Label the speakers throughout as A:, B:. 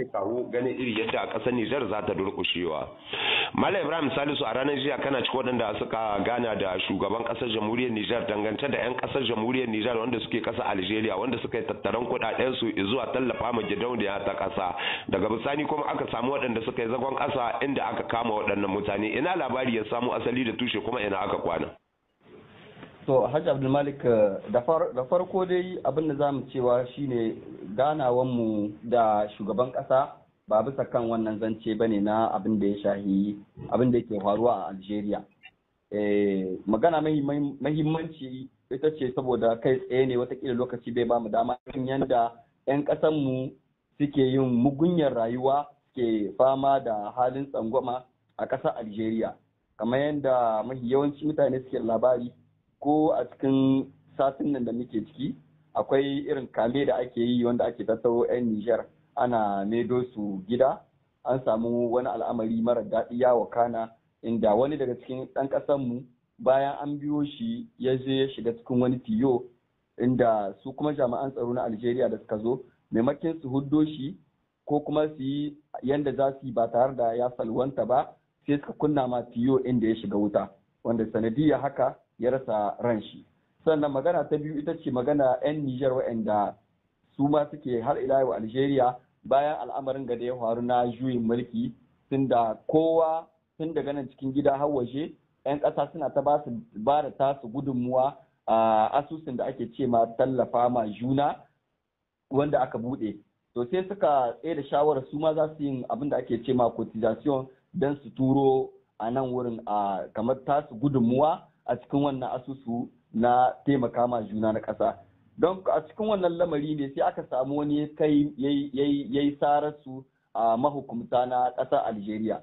A: zai kawo ganin iri yadda a ƙasar Nijar za ta durƙushewa. Malam Ibrahim Salisu a ranar jiya kana cikin waɗanda suka gana da shugaban ƙasar jamhuriyar Nijar dangance da 'yan ƙasar jamhuriyar Nijar wanda suke ƙasar Algeria wanda suka yi tattaran kuɗaɗen su zuwa tallafa ma gidauniya ta ƙasa. Daga bisani kuma aka samu waɗanda suka yi zagon ƙasa inda aka kama waɗannan mutane ina labari ya samu asali da tushe kuma ina aka kwana.
B: to hajji abdulmalik eh, da farko dai abin da zamu cewa shine mu da shugaban kasa ba bisa kan wannan zance bane na abin da ya shahi abin da yake faruwa a algeria eh, magana mahimmanci ita ce saboda kai tsaye ne watakila lokaci bai bamu dama kan yanda 'yan mu suke yin mugunyar rayuwa ke fama da halin tsangwama a ƙasar algeria kamar yadda mahi yawanci mutane suke labari ko a cikin satin nan da muke ciki akwai irin kame da ake yi wanda ake tattaro 'yan Nijar ana maido su gida an samu wani al'amari mara daɗi ya wakana inda wani daga cikin ɗan ƙasanmu bayan an biyo shi ya je ya shiga cikin wani tiyo inda su kuma jami'an tsaro na Algeria da suka zo maimakin su huddo shi ko kuma su yi yanda za su yi ba tare da ya salwanta ba sai suka kunna ma tiyo inda ya shiga wuta wanda sanadiyar haka ya rasa ran shi sannan magana ta biyu ita ce magana 'yan Nijar wa'anda su ma suke har ila yau Algeria bayan al'amarin ga da ya faru na juyin mulki tun da kowa tun daga nan cikin gida har waje 'yan ƙasa suna ta ba su ba da tasu gudunmuwa a asusun da ake ce ma tallafa ma juna wanda aka buɗe to sai suka tsaye da shawarar su ma za su yi abin da ake ce ma cotization don su turo a nan wurin a kamar tasu gudunmuwa a cikin wannan asusu na taimaka ma juna na ƙasa don a cikin wannan lamari ne sai aka samu wani ya yi sararsu a mahukumta na ƙasar Algeria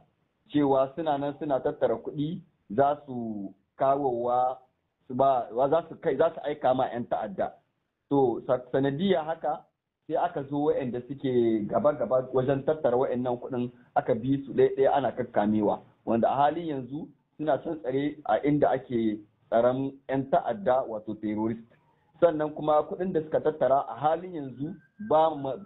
B: cewa suna nan suna tattara kuɗi za su kawowa za su aika ma 'yan ta'adda to sanadiyya haka sai aka zo wa'anda suke gaba-gaba wajen tattara wa'annan kuɗin aka bi su ɗaya-ɗaya ana kakkamewa wanda a halin yanzu suna son tsare a inda ake tsaron 'yan ta'adda wato terrorist sannan kuma kuɗin da suka tattara a halin yanzu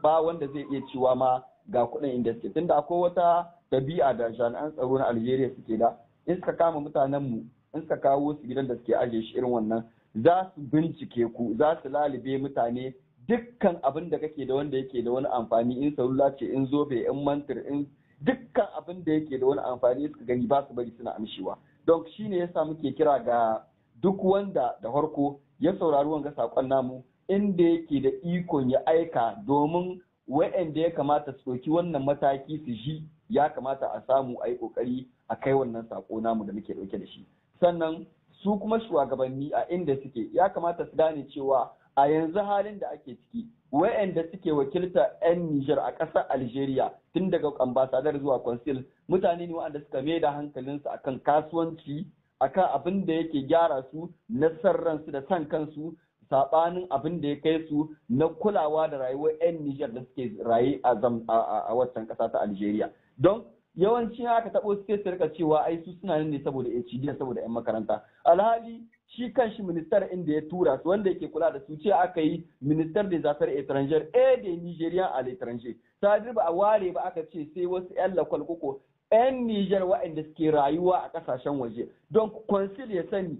B: ba wanda zai iya cewa ma ga kuɗin inda suke tunda akwai wata tabi'a da jami'an tsaro na algeria suke da in suka kama mutanen mu in suka kawo su gidan da suke ajiye shi irin wannan za su bincike ku za su lalube mutane dukkan abin da kake da wanda yake da wani amfani in salula ce in zobe in mantir in dukkan abin da yake da wani amfani suka gani ba su bari suna amshiwa. don shi ne yasa muke kira ga duk wanda da harko ya saurari wanga saƙon namu inda yake da ikon ya aika domin wa'anda ya kamata su ɗauki wannan mataki su ji ya kamata a samu a yi ƙoƙari a kai wannan sako namu da muke ɗauke da shi sannan su kuma shugabanni a inda suke ya kamata su gane cewa a yanzu halin da ake ciki wa'anda suke wakilta 'yan Nijar a ƙasar Algeria tun daga ambasadar zuwa consul mutane ne waɗanda suka mai da hankalinsu akan kasuwanci akan abin da yake gyara su na sarransu da san kansu saɓanin abin da ya kai su na kulawa da rayuwar 'yan Nijar da suke raye a watan ƙasa ta Algeria. Don yawanci haka taɓo suke su rika cewa ai su suna nan ne saboda HD saboda 'yan makaranta. Alhali shi kan shi ministar inda ya tura su wanda yake kula da su ce aka yi ministar da zafar etranger a da Nigerian a etranger sadir ba a ware ba aka ce sai wasu yan lakwal koko yan niger waɗanda suke rayuwa a kasashen waje don consul ya sani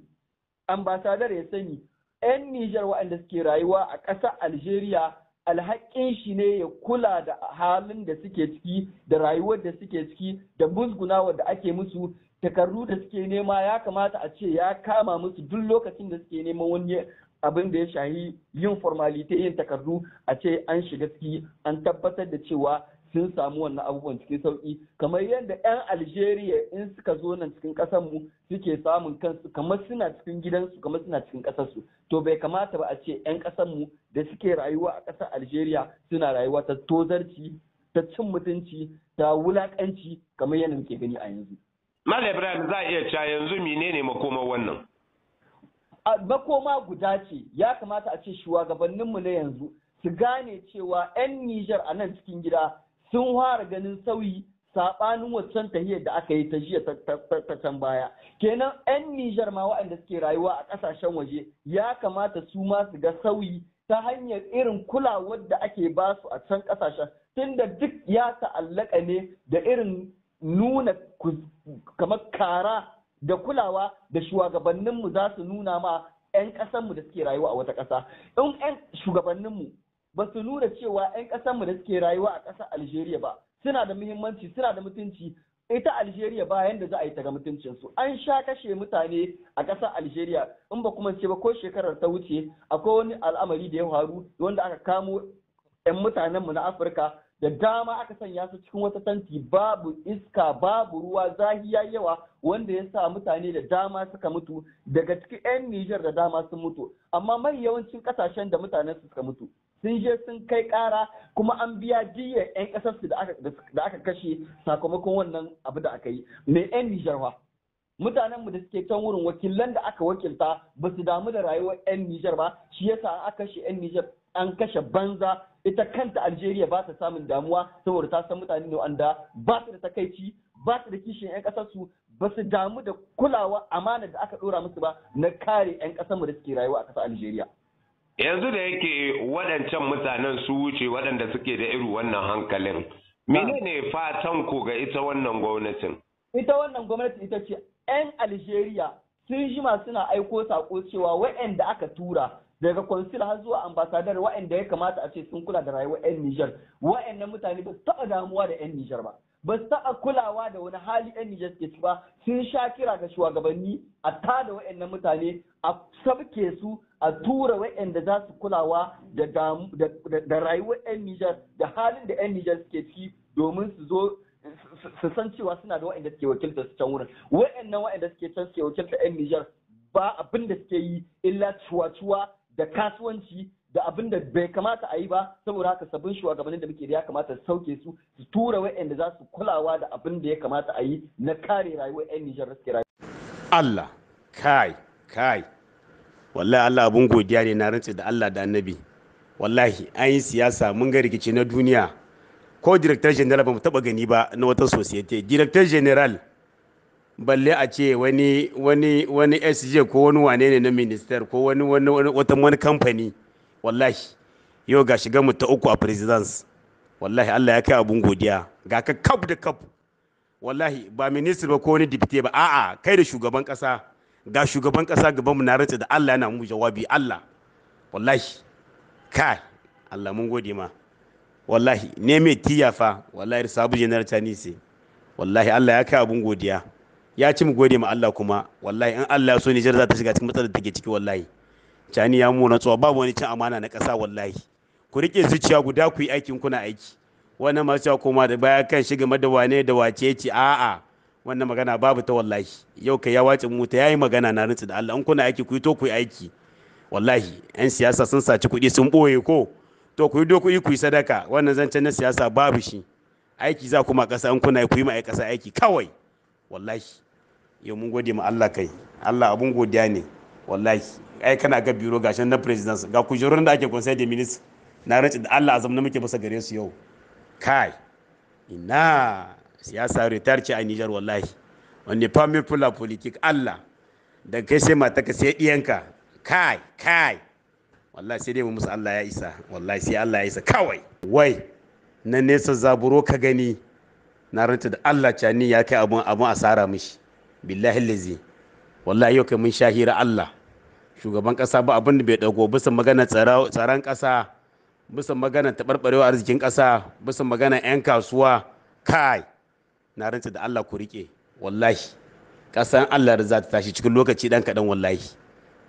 B: ambasadar ya sani yan niger waɗanda suke rayuwa a ƙasar algeria alhakin shi ne ya kula da halin da suke ciki da rayuwar da suke ciki da musguna da ake musu takardu da suke nema ya kamata a ce ya kama musu duk lokacin da suke neman wani abin da ya shahi yin formalite yin takardu a ce an shiga ciki an tabbatar da cewa sun samu wannan abubuwan cikin sauki kamar yadda 'yan algeria in suka zo nan cikin mu suke samun kansu kamar suna cikin gidansu kamar suna cikin ƙasarsu to bai kamata ba a ce 'yan mu da suke rayuwa a ƙasar algeria suna rayuwa ta tozarci ta cin mutunci ta wulaƙanci kamar yadda muke gani a yanzu
A: Mal Ibrahim za a iya cewa yanzu menene makoma wannan?
B: Makoma guda ce ya kamata a ce shugabanninmu na yanzu su gane cewa 'yan Nijar a nan cikin gida sun fara ganin sauyi saɓanin waccan tahiyar da aka yi ta jiya ta can baya kenan 'yan Nijar ma waɗanda suke rayuwa a ƙasashen waje ya kamata su ma su ga sauyi ta hanyar irin kulawar da ake ba su a can ƙasashen tunda duk ya ta'allaka ne da irin nuna kamar kara da kulawa da shugabanninmu za su nuna ma 'yan ƙasanmu da suke rayuwa a wata ƙasa in 'yan shugabanninmu ba su nuna cewa 'yan ƙasanmu da suke rayuwa a ƙasar algeria ba suna da muhimmanci suna da mutunci ita algeria ba yanda za a yi ta ga mutuncinsu an sha kashe mutane a ƙasar algeria in ba kuma ce ba ko shekarar ta wuce akwai wani al'amari da ya faru wanda aka kamo 'yan mutanenmu na afirka da dama aka sanya su cikin wata tanti babu iska babu ruwa zahiya yawa wanda ya sa mutane da dama suka mutu daga cikin 'yan Nijar da dama sun mutu amma mai yawancin kasashen da mutanen su suka mutu sun je sun kai kara kuma an biya jiyyar 'yan kasar su da aka kashe sakamakon wannan abu da aka yi mai 'yan Nijar mutanen mutanenmu da suke can wurin wakilan da aka wakilta ba su damu da rayuwar 'yan Nijar ba shi yasa aka kashe 'yan Nijar an kashe banza ita kanta Algeria ba ta samun damuwa saboda ta san mutane ne wanda ba su da takaici ba su da kishin 'yan ƙasar su ba su damu da kulawa amana da aka ɗora musu ba na kare 'yan ƙasar mu da suke rayuwa a ƙasar Algeria.
A: Yanzu da yake waɗancan mutanen su wuce waɗanda suke da irin wannan hankalin. Menene fatan ku ga ita wannan gwamnatin?
B: Ita wannan gwamnati ita ce 'yan Algeria sun jima suna aiko saƙo cewa waɗanda aka tura daga consul har zuwa ambassador wa'anda ya kamata a ce sun kula da rayuwar 'yan Nijar wa'annan mutane ba su taɓa damuwa da 'yan Nijar ba ba su taɓa kulawa da wani hali 'yan Nijar suke ci ba sun sha kira ga shugabanni a tada wa'annan mutane a sabke su a tura wa'anda za su kulawa da rayuwar 'yan Nijar da halin da 'yan Nijar suke ci domin su zo su san cewa suna da wa'anda suke wakilta su can wurin wa'annan wa'anda suke can suke wakilta 'yan Nijar ba abin da suke yi illa cuwa-cuwa da kasuwanci da abin da bai kamata a yi ba saboda haka sabbin shugabannin da muke da ya kamata su sauke su su tura waɗanda za su kulawa da abin da ya kamata a yi na kare rayuwar 'yan Nijar da suke
A: Allah kai kai wallahi Allah abun godiya ne na rantsi da Allah da annabi wallahi an yi siyasa mun ga rikici na duniya ko director general ba mu taba gani ba na wata society director general balle a ce wani wani wani sj ko wani wane ne na minister ko wani wani wata wani kamfani wallahi yau ga shiga mu ta uku a presidence wallahi Allah ya kai abun godiya ga ka kaf da kaf wallahi ba minister ba ko wani deputy ba a'a kai da shugaban kasa ga shugaban kasa gaban mu na rantsa da Allah yana mu jawabi Allah wallahi kai Allah mun gode ma wallahi ne mai tiyafa wallahi sabu general ta nise wallahi Allah ya kai abun godiya ya ci mu gode ma Allah kuma wallahi in Allah so Nijar za ta shiga cikin matsalar da take ciki wallahi cani ya mu tsowa babu wani cin amana na ƙasa wallahi ku rike zuciya guda ku yi aikin kuna aiki wannan masu cewa koma da baya kan shiga game ne wane da wace ce a'a wannan magana babu ta wallahi yau kai ya wace mu ta yayi magana na rantsi da Allah in kuna aiki ku yi to ku yi aiki wallahi yan siyasa sun saci kuɗi sun ɓoye ko to ku yi do kuɗi ku yi sadaka wannan zancen na siyasa babu shi aiki za kuma ƙasa in kuna ku yi ma ƙasa aiki kawai wallahi yau mun gode ma Allah kai Allah abun godiya ne wallahi ai kana ga biro gashin na president ga kujerun da ake conseil de ministre na rantsi da Allah azam na muke basa gare su yau kai ina siyasa retar ce a Niger wallahi wanne family fula politik Allah da kai sai mata ka sai diyanka kai kai wallahi sai dai mu musu Allah ya isa wallahi sai Allah ya isa kawai wai na nesa zaburo ka gani na ranta da Allah cani ya kai abun abun asara mishi billahi lazi wallahi yau kai mun shahira Allah shugaban kasa ba abin da bai dago bisa magana tsaron kasa bisa magana tabarbarewa arzikin kasa bisa magana 'yan kasuwa kai na ranta da Allah ku rike wallahi kasan Allah za ta tashi cikin lokaci dan kaɗan wallahi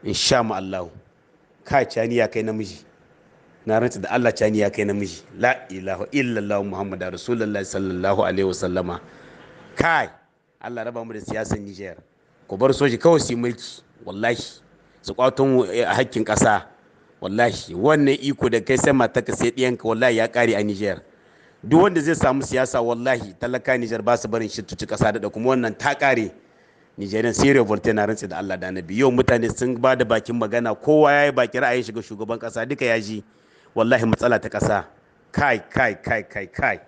A: in sha mu Allah kai cani ya kai namiji na rantsa da Allah cani ya kai namiji la ilaha illallah muhammadu rasulullahi sallallahu alaihi wasallama kai Allah raba mu da siyasar Niger ku bar soji kawai su mulki wallahi su kwaton eh, hakkin kasa wallahi wannan iko da kai sai ka sai ɗiyanka wallahi ya kare a Nijar duk wanda zai samu siyasa wallahi talaka Nijar ba su barin shi tuci kasa da kuma wannan ta kare Nigerian sai revolte na rantsa da Allah da Annabi yau mutane sun ba da bakin magana kowa ya yi bakin ra'ayin shiga shugaban kasa duka ya ji wallahi matsala ta ƙasa kai kai kai kai kai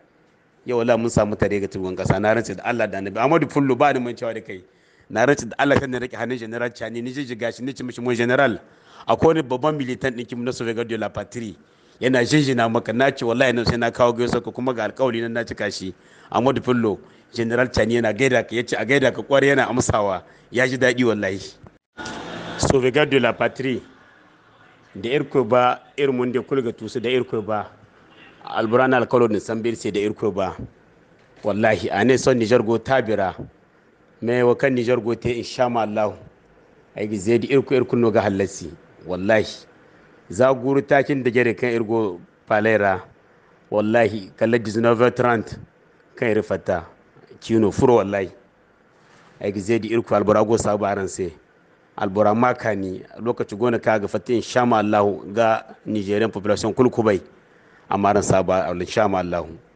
A: yau wallahi mun samu tare ga tugon ƙasa na rantsi da Allah da Annabi Ahmadu Fullu ba ni mun cewa da kai na rantsi da Allah kan rike hannun general Chani ni jiji gashi ni ci mishi mun general akwai wani babban militan ɗin kim na Sofia Gadio La Patrie yana jinjina maka na ce wallahi nan sai na kawo gaisa ka kuma ga alƙawari nan na cika shi Ahmadu Fullu general Chani yana gaida ka yace a gaida ka kware yana amsawa ya ji daɗi wallahi Sofia Gadio La Patrie da irko ba irmun da kulga tusu da irko ba alburana alkalo din san birse da irko ba wallahi a ne son nijar go tabira mai wakan nijar go in sha ma a yi zai da irko irko noga halassi wallahi za guru takin da gere kan irgo palera wallahi kala 1930 kan rifata kino furo wallahi yi zai da irko alburago sabu aransai alburamaka ne ni lokaci gona ka ga fatin shama allahu ga nigerian population kulkubai a ran saba alin shama allahu